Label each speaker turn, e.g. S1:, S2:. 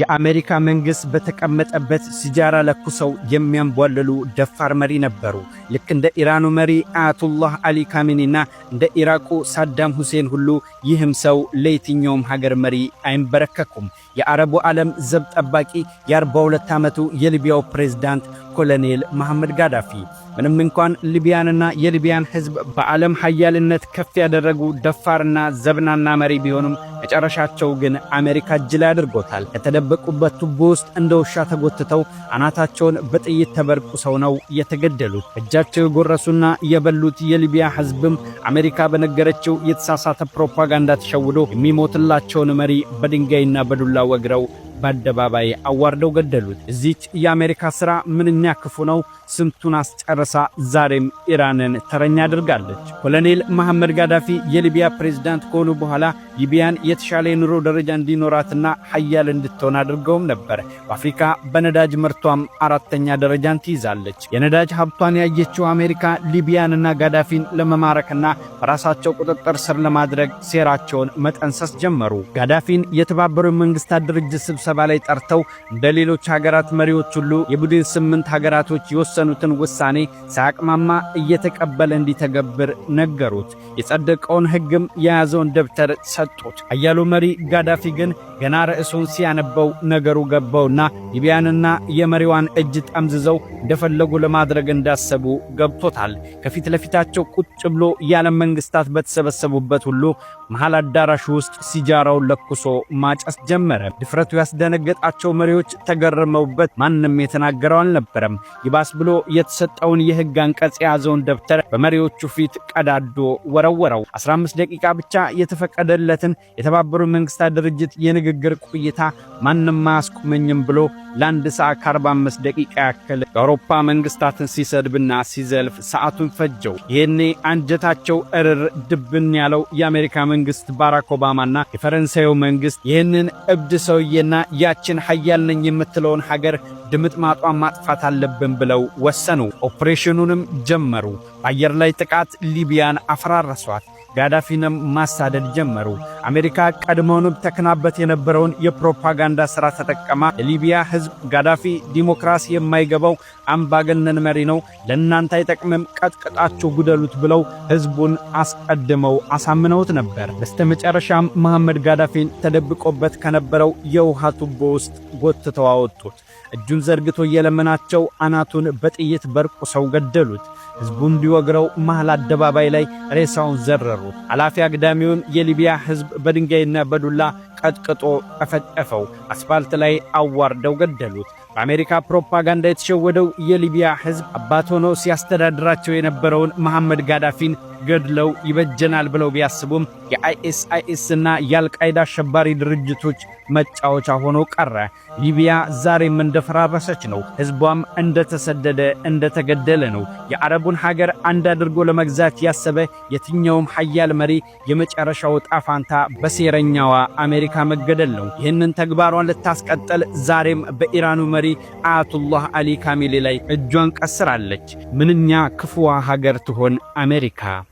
S1: የአሜሪካ መንግሥት በተቀመጠበት ሲጃራ ለኩሰው የሚያንቧልሉ ደፋር መሪ ነበሩ። ልክ እንደ ኢራኑ መሪ አያቱላህ አሊ ካሚኒና እንደ ኢራቁ ሳዳም ሁሴን ሁሉ ይህም ሰው ለየትኛውም ሀገር መሪ አይንበረከኩም። የአረቡ ዓለም ዘብ ጠባቂ የ42 ዓመቱ የሊቢያው ፕሬዝዳንት ኮሎኔል መሐመድ ጋዳፊ ምንም እንኳን ሊቢያንና የሊቢያን ሕዝብ በዓለም ሀያልነት ከፍ ያደረጉ ደፋርና ዘብናና መሪ ቢሆኑም መጨረሻቸው ግን አሜሪካ እጅ ላይ አድርጎታል። ከተደበቁበት ቱቦ ውስጥ እንደ ውሻ ተጎትተው አናታቸውን በጥይት ተበርቁ ሰው ነው የተገደሉት። እጃቸው የጎረሱና የበሉት የሊቢያ ሕዝብም አሜሪካ በነገረችው የተሳሳተ ፕሮፓጋንዳ ተሸውዶ የሚሞትላቸውን መሪ በድንጋይና በዱላ ወግረው በአደባባይ አዋርደው ገደሉት። እዚች የአሜሪካ ሥራ ምንኛ ክፉ ነው! ስንቱን አስጨርሳ ዛሬም ኢራንን ተረኛ አድርጋለች። ኮሎኔል መሐመድ ጋዳፊ የሊቢያ ፕሬዝዳንት ከሆኑ በኋላ ሊቢያን የተሻለ የኑሮ ደረጃ እንዲኖራትና ሀያል እንድትሆን አድርገውም ነበር። በአፍሪካ በነዳጅ ምርቷም አራተኛ ደረጃን ትይዛለች። የነዳጅ ሀብቷን ያየችው አሜሪካ ሊቢያንና ጋዳፊን ለመማረክና በራሳቸው ቁጥጥር ስር ለማድረግ ሴራቸውን መጠንሰስ ጀመሩ። ጋዳፊን የተባበሩ መንግስታት ድርጅት ስብሰ ስብሰባ ላይ ጠርተው እንደ ሌሎች ሀገራት መሪዎች ሁሉ የቡድን ስምንት ሀገራቶች የወሰኑትን ውሳኔ ሳያቅማማ እየተቀበለ እንዲተገብር ነገሩት። የጸደቀውን ሕግም የያዘውን ደብተር ሰጡት። አያሉ መሪ ጋዳፊ ግን ገና ርዕሱን ሲያነበው ነገሩ ገባውና ሊቢያንና የመሪዋን እጅ ጠምዝዘው እንደፈለጉ ለማድረግ እንዳሰቡ ገብቶታል። ከፊት ለፊታቸው ቁጭ ብሎ የዓለም መንግስታት በተሰበሰቡበት ሁሉ መሃል አዳራሹ ውስጥ ሲጃራውን ለኩሶ ማጨስ ጀመረ። ድፍረቱ ያስ ያስደነገጣቸው መሪዎች ተገርመውበት ማንም የተናገረው አልነበረም። ይባስ ብሎ የተሰጠውን የህግ አንቀጽ የያዘውን ደብተር በመሪዎቹ ፊት ቀዳዶ ወረወረው። 15 ደቂቃ ብቻ የተፈቀደለትን የተባበሩት መንግስታት ድርጅት የንግግር ቆይታ ማንም አያስቆመኝም ብሎ ለአንድ ሰዓት ከ45 ደቂቃ ያክል የአውሮፓ መንግስታትን ሲሰድብና ሲዘልፍ ሰዓቱን ፈጀው። ይህኔ አንጀታቸው እርር ድብን ያለው የአሜሪካ መንግስት ባራክ ኦባማና የፈረንሳዩ መንግስት ይህንን እብድ ሰውዬና ያችን ሀያል ነኝ የምትለውን ሀገር ድምጥማጧን ማጥፋት አለብን ብለው ወሰኑ። ኦፕሬሽኑንም ጀመሩ። በአየር ላይ ጥቃት ሊቢያን አፈራረሷት። ጋዳፊንም ማሳደድ ጀመሩ። አሜሪካ ቀድሞውንም ተክናበት የነበረውን የፕሮፓጋንዳ ሥራ ተጠቀማ። የሊቢያ ሕዝብ ጋዳፊ ዲሞክራሲ የማይገባው አምባገነን መሪ ነው፣ ለእናንተ አይጠቅምም፣ ቀጥቅጣችሁ ጉደሉት ብለው ሕዝቡን አስቀድመው አሳምነውት ነበር። በስተመጨረሻም መሐመድ ጋዳፊን ተደብቆበት ከነበረው የውሃ ቱቦ ውስጥ ጎትተው አወጡት። እጁን ዘርግቶ እየለመናቸው አናቱን በጥይት በርቁሰው ገደሉት። ሕዝቡ እንዲወግረው መሃል አደባባይ ላይ ሬሳውን ዘረሩ። አላፊ አግዳሚውን የሊቢያ ሕዝብ በድንጋይና በዱላ ቀጥቅጦ ቀፈቀፈው፣ አስፋልት ላይ አዋርደው ገደሉት። በአሜሪካ ፕሮፓጋንዳ የተሸወደው የሊቢያ ሕዝብ አባት ሆኖ ሲያስተዳድራቸው የነበረውን መሐመድ ጋዳፊን ገድለው ይበጀናል ብለው ቢያስቡም የአይኤስ እና የአልቃይዳ አሸባሪ ድርጅቶች መጫወቻ ሆኖ ቀረ። ሊቢያ ዛሬም እንደፈራረሰች ነው። ሕዝቧም እንደተሰደደ እንደተገደለ ነው። የአረቡን ሀገር አንድ አድርጎ ለመግዛት ያሰበ የትኛውም ሀያል መሪ የመጨረሻው ጣፋንታ በሴረኛዋ አሜሪካ አሜሪካ መገደል ነው። ይህንን ተግባሯን ልታስቀጠል ዛሬም በኢራኑ መሪ አያቱላህ አሊ ካሚሊ ላይ እጇን ቀስራለች። ምንኛ ክፉዋ ሀገር ትሆን አሜሪካ!